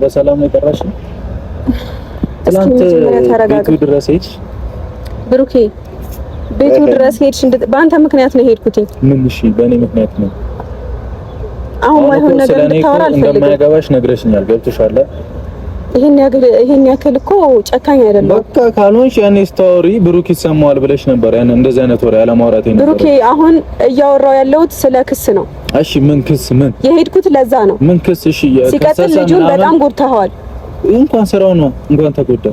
በሰላም ነው የጠራሽ? ትናንት ቤቱ ድረስ ሄድሽ? ብሩኬ ቤቱ ድረስ ሄድሽ? በአንተ ምክንያት ነው የሄድኩትኝ። ምን? እሺ በእኔ ምክንያት ነው። አሁን ማይሆን ነገር እንድታወራ አልፈልግም። እንደማያገባሽ ነግረሽኛል። ገብቶሻል ይሄን ያክል እኮ ጨካኝ አይደለም። በቃ ካልሆንሽ ያኔ ስታወሪ ብሩክ ይሰማዋል ብለሽ ነበር። ያን እንደዚህ አይነት ወሬ አለማውራት ነው ብሩክ። አሁን እያወራው ያለሁት ስለ ክስ ነው። እሺ ምን ክስ? ምን የሄድኩት ለዛ ነው። ምን ክስ? እሺ ሲቀጥል ልጁን በጣም ጎድተኸዋል። እንኳን ስራው ነው እንኳን ተጎዳ።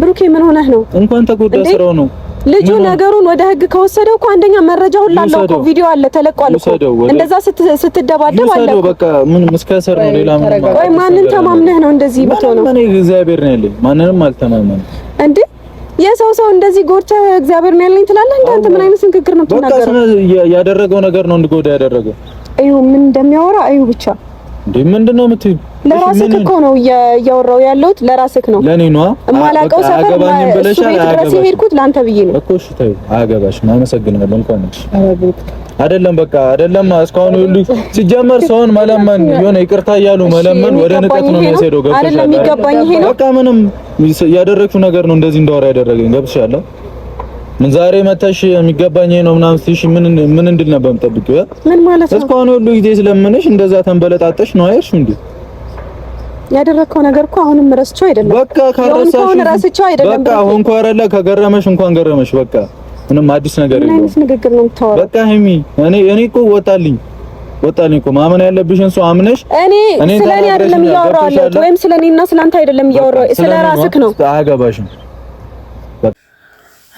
ብሩኬ ምን ሆነህ ነው? እንኳን ተጎዳ፣ ስራው ነው ልጁ ነገሩን ወደ ህግ ከወሰደው እኮ አንደኛ መረጃ ሁሉ አለው እኮ ቪዲዮ አለ ተለቋል እኮ እንደዛ ስትደባደብ አለ እኮ በቃ ምን መስከሰር ነው ሌላ ምን ወይ ማንን ተማምነህ ነው እንደዚህ ብትሆነው ምን እግዚአብሔር ነው ያለኝ ማንንም አልተማመንም እንዴ የሰው ሰው እንደዚህ ጎርቻ እግዚአብሔር ነው ያለኝ ትላለህ እንዴ አንተ ምን አይነት ንግግር ነው ተናገረው በቃ ያደረገው ነገር ነው እንድጎዳ ያደረገው እዩ ምን እንደሚያወራ እዩ ብቻ እንዴ ምንድነው የምትይው ለራስህ እኮ ነው እያወራሁ ያለሁት። ለራስህ ነው ለኔ ነው የማላውቀው ሰፈር እሱ ቤት ሄድኩት ላንተ ብዬ ነው እኮ። እሺ ተይው፣ አያገባሽም። አመሰግናለሁ። እንኳን እሺ አይደለም በቃ አይደለም። እስካሁን ሁሉ ሲጀመር ሰውን መለመን የሆነ ይቅርታ እያሉ መለመን ወደ ንቀት ነው የሚያስሄደው። ገብቶሻል አይደለም? የሚገባኝ ይሄ ነው። በቃ ምንም ያደረግሽው ነገር ነው እንደዚህ እንዳወራ ያደረገኝ። ገብቶሻል? ምን ዛሬ መተሽ የሚገባኝ ይሄ ነው ምናምን ስትይሽ ምን ምን እንድል ነበር የምጠብቂው? ምን ማለት ነው? እስካሁን ሁሉ ጊዜ ስለምንሽ እንደዛ ተንበለጣጠሽ ነው አይሽ እንዴ? ያደረከው ነገር እኮ አሁንም ረስቼው አይደለም። በቃ ካረሳሽ ረስቼው አይደለም። በቃ አሁን እኮ ኮረለ ከገረመሽ እንኳን ገረመሽ። በቃ ምንም አዲስ ነገር የለም። ምንም ንግግር ነው የምታወራው። በቃ ሀይሚ እኔ እኔ እኮ ወጣልኝ ወጣልኝ እኮ ማመን ያለብሽን ሰው አምነሽ እኔ ስለኔ አይደለም እያወራሁት ወይም ስለኔና ስለአንተ አይደለም እያወራሁ ስለራስክ ነው። አያገባሽም።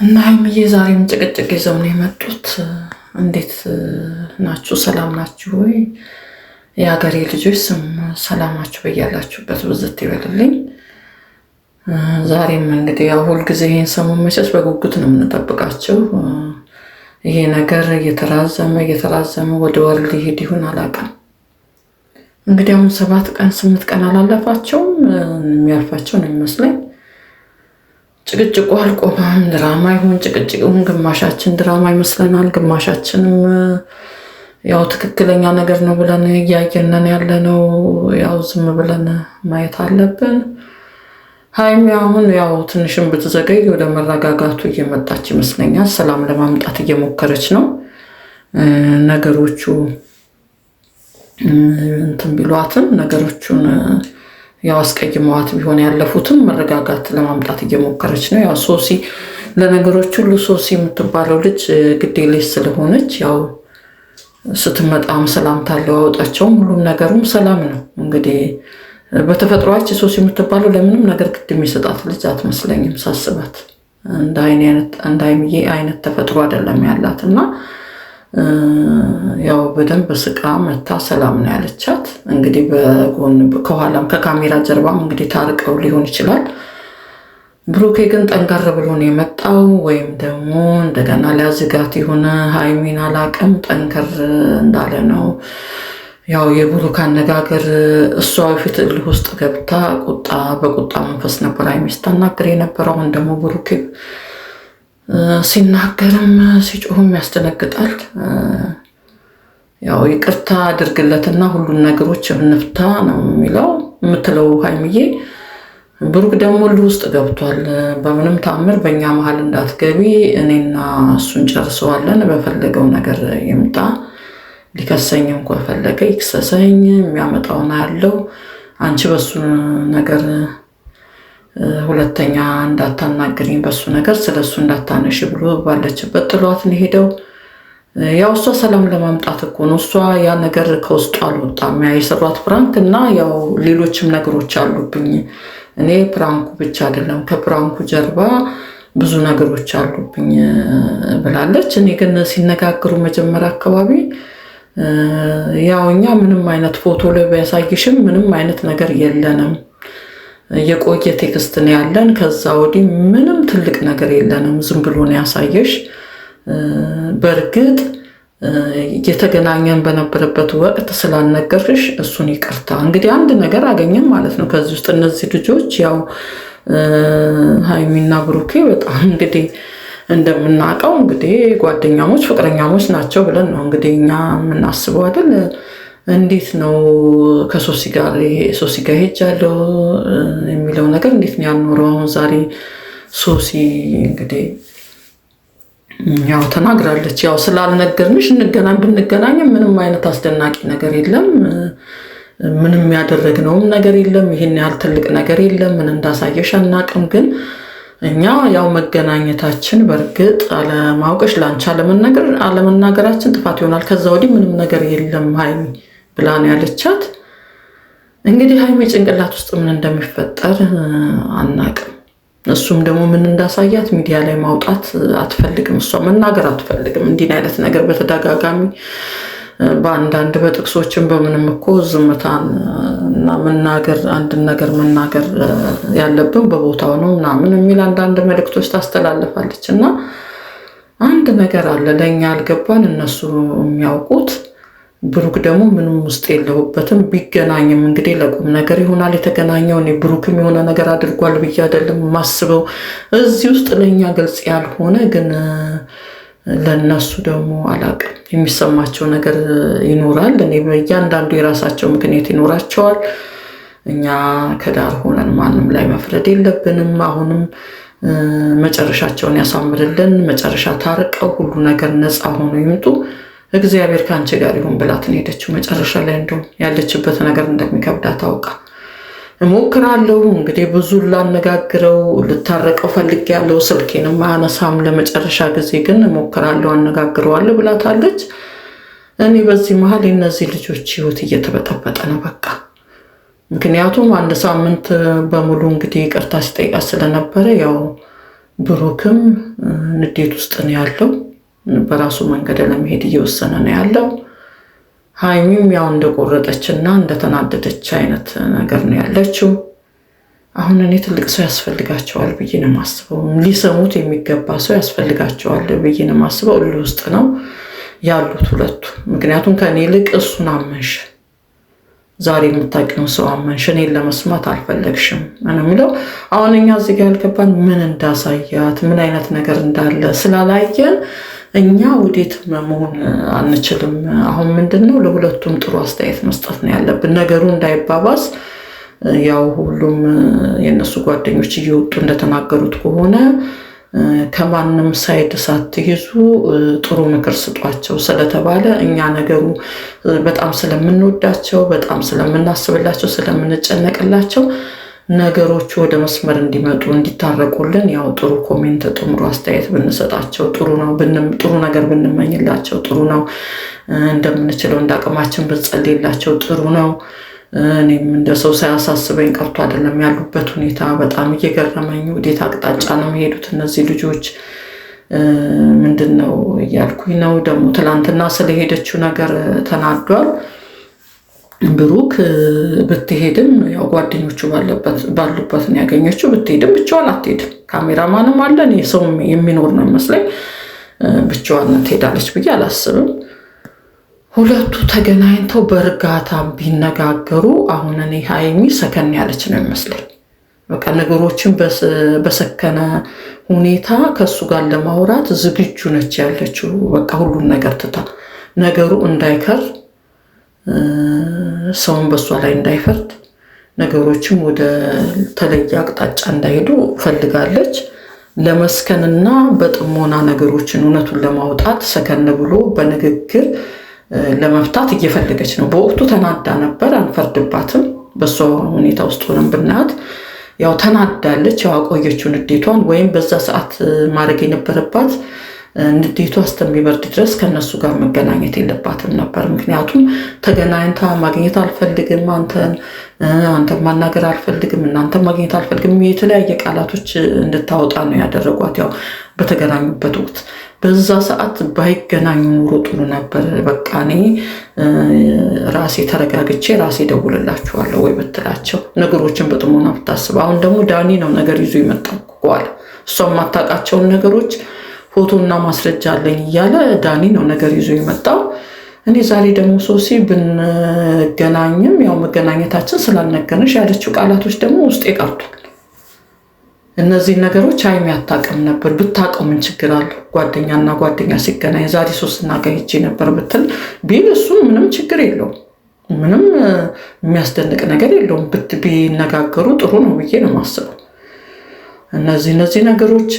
እና ሀይሚዬ ዛሬም ጭቅጭቅ ይዘው ነው የመጡት። እንዴት ናችሁ? ሰላም ናችሁ ወይ? የሀገሬ ልጆች ስም ሰላማችሁ በያላችሁበት ብዝት ይበልልኝ። ዛሬም እንግዲህ ያው ሁልጊዜ ይህን ሰሞን መቼስ በጉጉት ነው የምንጠብቃቸው። ይሄ ነገር እየተራዘመ እየተራዘመ ወደ ወር ሊሄድ ይሁን አላውቅም። እንግዲህ አሁን ሰባት ቀን ስምንት ቀን አላለፋቸውም፣ የሚያልፋቸው ነው ይመስለኝ። ጭቅጭቁ አልቆመም። ድራማ ይሁን ጭቅጭቅ ግማሻችን ድራማ ይመስለናል፣ ግማሻችንም ያው ትክክለኛ ነገር ነው ብለን እያየንን ያለ ነው። ያው ዝም ብለን ማየት አለብን። ሀይሚ አሁን ያው ትንሽም ብትዘገይ ወደ መረጋጋቱ እየመጣች ይመስለኛል። ሰላም ለማምጣት እየሞከረች ነው። ነገሮቹ እንትን ቢሏትም ነገሮቹን ያው አስቀይመዋት ቢሆን ያለፉትም መረጋጋት ለማምጣት እየሞከረች ነው። ያው ሶሲ ለነገሮች ሁሉ ሶሲ የምትባለው ልጅ ግዴለሽ ስለሆነች ያው ስትመጣም ሰላምታ አለዋወጣቸውም ሁሉም ነገሩም ሰላም ነው። እንግዲህ በተፈጥሯች ሶስ የምትባለው ለምንም ነገር ግድ የሚሰጣት ልጅ አትመስለኝም ሳስባት። እንደ ሀይሚዬ አይነት ተፈጥሮ አይደለም ያላት እና ያው በደንብ ስቃ መታ ሰላም ነው ያለቻት። እንግዲህ በጎን ከኋላም ከካሜራ ጀርባም እንግዲህ ታርቀው ሊሆን ይችላል ብሩኬ ግን ጠንከር ብሎ ነው የመጣው። ወይም ደግሞ እንደገና ሊያዝጋት የሆነ ሀይሚን አላቅም ጠንከር እንዳለ ነው። ያው የብሩክ አነጋገር እሷ በፊት እልህ ውስጥ ገብታ ቁጣ በቁጣ መንፈስ ነበር ሀይሚ ስታናገር የነበረው። አሁን ደግሞ ብሩኬ ሲናገርም ሲጮህም ያስደነግጣል። ያው ይቅርታ አድርግለትና ሁሉን ነገሮች እንፍታ ነው የሚለው የምትለው ሀይሚዬ ብሩክ ደግሞ ል ውስጥ ገብቷል። በምንም ተአምር በእኛ መሀል እንዳትገቢ፣ እኔና እሱን ጨርሰዋለን። በፈለገው ነገር ይምጣ። ሊከሰኝ እንኳ ፈለገ ይክሰሰኝ፣ የሚያመጣውን ያለው አንቺ በሱ ነገር ሁለተኛ እንዳታናግሪኝ በሱ ነገር ስለሱ እንዳታነሽ ብሎ ባለችበት ጥሏት ሄደው። ያው እሷ ሰላም ለማምጣት እኮ ነው። እሷ ያ ነገር ከውስጡ አልወጣም። ያ የሰሯት ፍራንክ እና ያው ሌሎችም ነገሮች አሉብኝ እኔ ፕራንኩ ብቻ አይደለም ከፕራንኩ ጀርባ ብዙ ነገሮች አሉብኝ ብላለች። እኔ ግን ሲነጋገሩ መጀመሪያ አካባቢ ያው እኛ ምንም አይነት ፎቶ ላይ ቢያሳይሽም ምንም አይነት ነገር የለንም የቆየ ቴክስት ነው ያለን። ከዛ ወዲህ ምንም ትልቅ ነገር የለንም። ዝም ብሎ ነው ያሳየሽ በእርግጥ የተገናኘን በነበረበት ወቅት ስላልነገርሽ እሱን ይቅርታ። እንግዲህ አንድ ነገር አገኘም ማለት ነው ከዚህ ውስጥ እነዚህ ልጆች ያው ሀይሚና ብሩኬ በጣም እንግዲህ እንደምናውቀው እንግዲህ ጓደኛሞች ፍቅረኛሞች ናቸው ብለን ነው እንግዲህ እኛ የምናስበው አይደል? እንዴት ነው ከሶሲ ጋር ሶሲ ጋር ሄጃለሁ የሚለው ነገር እንዴት ነው ያኖረው? አሁን ዛሬ ሶሲ እንግዲህ ያው ተናግራለች። ያው ስላልነገርንሽ እንገናኝ ብንገናኝ ምንም አይነት አስደናቂ ነገር የለም። ምንም ያደረግነውም ነገር የለም። ይህን ያህል ትልቅ ነገር የለም። ምን እንዳሳየሽ አናቅም። ግን እኛ ያው መገናኘታችን በእርግጥ አለማውቀሽ ለአንቺ አለመናገር አለመናገራችን ጥፋት ይሆናል። ከዛ ወዲህ ምንም ነገር የለም ሀይሚ ብላ ያለቻት። እንግዲህ ሀይሚ ጭንቅላት ውስጥ ምን እንደሚፈጠር አናቅም። እሱም ደግሞ ምን እንዳሳያት ሚዲያ ላይ ማውጣት አትፈልግም፣ እሷ መናገር አትፈልግም። እንዲህ አይነት ነገር በተደጋጋሚ በአንዳንድ በጥቅሶችን በምንም እኮ ዝምታን እና መናገር አንድን ነገር መናገር ያለብን በቦታው ነው ምናምን የሚል አንዳንድ መልእክቶች ታስተላልፋለች እና አንድ ነገር አለ ለእኛ አልገባን እነሱ የሚያውቁት ብሩክ ደግሞ ምንም ውስጥ የለሁበትም። ቢገናኝም እንግዲህ ለቁም ነገር ይሆናል የተገናኘው። እኔ ብሩክም የሆነ ነገር አድርጓል ብዬ አይደለም ማስበው። እዚህ ውስጥ ለእኛ ግልጽ ያልሆነ ግን ለእነሱ ደግሞ አላቅም የሚሰማቸው ነገር ይኖራል። እኔ በእያንዳንዱ የራሳቸው ምክንያት ይኖራቸዋል። እኛ ከዳር ሆነን ማንም ላይ መፍረድ የለብንም። አሁንም መጨረሻቸውን ያሳምርልን። መጨረሻ ታርቀው ሁሉ ነገር ነፃ ሆኖ ይምጡ። እግዚአብሔር ከአንቺ ጋር ይሁን ብላትን ሄደችው። መጨረሻ ላይ እንደውም ያለችበት ነገር እንደሚከብዳ ታውቃ እሞክራለሁ እንግዲህ ብዙ ላነጋግረው ልታረቀው ያለው ስልኬንም አያነሳም። ለመጨረሻ ጊዜ ግን እሞክራለሁ፣ አነጋግረዋለሁ ብላታለች። እኔ በዚህ መሀል የእነዚህ ልጆች ህይወት እየተበጠበጠ ነው በቃ ምክንያቱም አንድ ሳምንት በሙሉ እንግዲህ ይቅርታ ሲጠይቃ ስለነበረ ያው ብሩክም ንዴት ውስጥ ነው ያለው በራሱ መንገድ ለመሄድ እየወሰነ ነው ያለው። ሀይሚም ያው እንደቆረጠች እና እንደተናደደች አይነት ነገር ነው ያለችው። አሁን እኔ ትልቅ ሰው ያስፈልጋቸዋል ብዬ ነው የማስበው። ሊሰሙት የሚገባ ሰው ያስፈልጋቸዋል ብዬ ነው የማስበው። እልህ ውስጥ ነው ያሉት ሁለቱ። ምክንያቱም ከእኔ ይልቅ እሱን አመንሽ፣ ዛሬ የምታውቂውን ሰው አመንሽ፣ እኔን ለመስማት አልፈለግሽም ነው የሚለው። አሁን እኛ እዚህ ያልገባን ምን እንዳሳያት ምን አይነት ነገር እንዳለ ስላላየን እኛ ውዴት መሆን አንችልም። አሁን ምንድን ነው ለሁለቱም ጥሩ አስተያየት መስጠት ነው ያለብን፣ ነገሩ እንዳይባባስ። ያው ሁሉም የእነሱ ጓደኞች እየወጡ እንደተናገሩት ከሆነ ከማንም ሳይድ ሳትይዙ ጥሩ ምክር ስጧቸው ስለተባለ እኛ ነገሩ በጣም ስለምንወዳቸው፣ በጣም ስለምናስብላቸው፣ ስለምንጨነቅላቸው ነገሮቹ ወደ መስመር እንዲመጡ እንዲታረቁልን ያው ጥሩ ኮሜንት ጥምሩ አስተያየት ብንሰጣቸው ጥሩ ነው። ጥሩ ነገር ብንመኝላቸው ጥሩ ነው። እንደምንችለው እንዳቅማችን አቅማችን ብንጸልይላቸው ጥሩ ነው። እኔም እንደ ሰው ሳያሳስበኝ ቀርቶ አይደለም ያሉበት ሁኔታ በጣም እየገረመኝ፣ ወዴት አቅጣጫ ነው የሚሄዱት እነዚህ ልጆች ምንድን ነው እያልኩኝ ነው። ደግሞ ትላንትና ስለሄደችው ነገር ተናዷል። ብሩክ ብትሄድም ያው ጓደኞቹ ባሉበት ነው ያገኘችው። ብትሄድም ብቻዋን አትሄድም፣ ካሜራማንም አለ። እኔ የሚኖር ነው ይመስለኝ። ብቻዋን ትሄዳለች ብዬ አላስብም። ሁለቱ ተገናኝተው በእርጋታ ቢነጋገሩ አሁን እኔ ሀይሚ ሰከን ያለች ነው ይመስለኝ። በቃ ነገሮችን በሰከነ ሁኔታ ከእሱ ጋር ለማውራት ዝግጁ ነች ያለችው። በቃ ሁሉን ነገር ትታ ነገሩ እንዳይከር ሰውን በእሷ ላይ እንዳይፈርድ ነገሮችም ወደ ተለየ አቅጣጫ እንዳይሄዱ ፈልጋለች። ለመስከንና በጥሞና ነገሮችን እውነቱን ለማውጣት ሰከን ብሎ በንግግር ለመፍታት እየፈለገች ነው። በወቅቱ ተናዳ ነበር፣ አንፈርድባትም። በእሷ ሁኔታ ውስጥ ሆነን ብናያት ያው ተናዳለች። ያው አቆየችውን እዴቷን ወይም በዛ ሰዓት ማድረግ የነበረባት ንዴቷ እስከሚበርድ ድረስ ከነሱ ጋር መገናኘት የለባትም ነበር። ምክንያቱም ተገናኝታ ማግኘት አልፈልግም አንተን፣ አንተ ማናገር አልፈልግም፣ እናንተ ማግኘት አልፈልግም፣ የተለያየ ቃላቶች እንድታወጣ ነው ያደረጓት። ያው በተገናኙበት ወቅት በዛ ሰዓት ባይገናኙ ኑሮ ጥሩ ነበር። በቃ እኔ ራሴ ተረጋግቼ ራሴ ደውልላችኋለሁ ወይ ብትላቸው ነገሮችን በጥሞና ብታስብ። አሁን ደግሞ ዳኒ ነው ነገር ይዞ ይመጣል እሷ የማታውቃቸውን ነገሮች ፎቶና ማስረጃ አለኝ እያለ ዳኒ ነው ነገር ይዞ የመጣው። እኔ ዛሬ ደግሞ ሶሲ ብንገናኝም ያው መገናኘታችን ስላልነገረሽ ያለችው ቃላቶች ደግሞ ውስጤ ቀርቷል። እነዚህን ነገሮች አይም ያታቅም ነበር። ብታውቀው ምን ችግር አለው? ጓደኛና ጓደኛ ሲገናኝ ዛሬ ሶስት ጋር ነበር ብትል ቢል እሱ ምንም ችግር የለውም። ምንም የሚያስደንቅ ነገር የለውም። ቢነጋገሩ ጥሩ ነው ብዬ ነው ማስበው። እነዚህ እነዚህ ነገሮች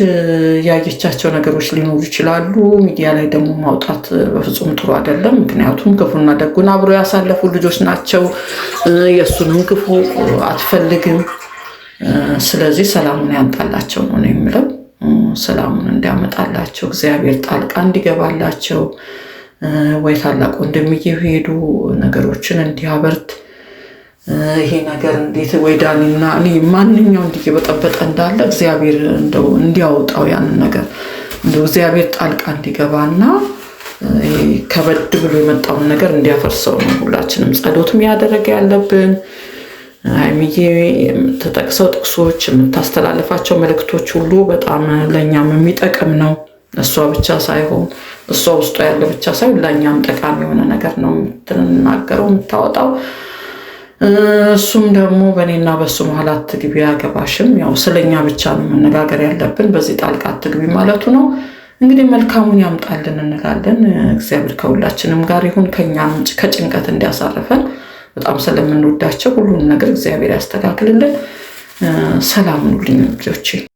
ያየቻቸው ነገሮች ሊኖሩ ይችላሉ። ሚዲያ ላይ ደግሞ ማውጣት በፍጹም ጥሩ አይደለም። ምክንያቱም ክፉና ደጉን አብሮ ያሳለፉ ልጆች ናቸው። የእሱንም ክፉ አትፈልግም። ስለዚህ ሰላሙን ያምጣላቸው ነው የምለው። ሰላሙን እንዲያመጣላቸው እግዚአብሔር ጣልቃ እንዲገባላቸው ወይ ታላቅ ወንድምዬ ሄዱ ነገሮችን እንዲያበርት ይሄ ነገር እንዴት ወይ ዳኒና እኔ ማንኛው እንዲ በጠበጠ እንዳለ እግዚአብሔር እንደው እንዲያወጣው ያንን ነገር እንደው እግዚአብሔር ጣልቃ እንዲገባና ከበድ ብሎ የመጣውን ነገር እንዲያፈርሰው ነው ሁላችንም ጸሎት ያደረገ ያለብን። አይምዬ የምትጠቅሰው ጥቅሶች፣ የምታስተላልፋቸው መልእክቶች ሁሉ በጣም ለእኛም የሚጠቅም ነው። እሷ ብቻ ሳይሆን እሷ ውስጧ ያለ ብቻ ሳይሆን ለእኛም ጠቃሚ የሆነ ነገር ነው የምትናገረው የምታወጣው እሱም ደግሞ በእኔና በሱ መሀል አትግቢ አያገባሽም፣ ያው ስለኛ ብቻ ነው መነጋገር ያለብን፣ በዚህ ጣልቃ አትግቢ ማለቱ ነው። እንግዲህ መልካሙን ያምጣልን እንላለን። እግዚአብሔር ከሁላችንም ጋር ይሁን፣ ከኛ ምንጭ ከጭንቀት እንዲያሳርፈን በጣም ስለምንወዳቸው ሁሉም ነገር እግዚአብሔር ያስተካክልልን። ሰላም ኑልኝ ልጆቼ።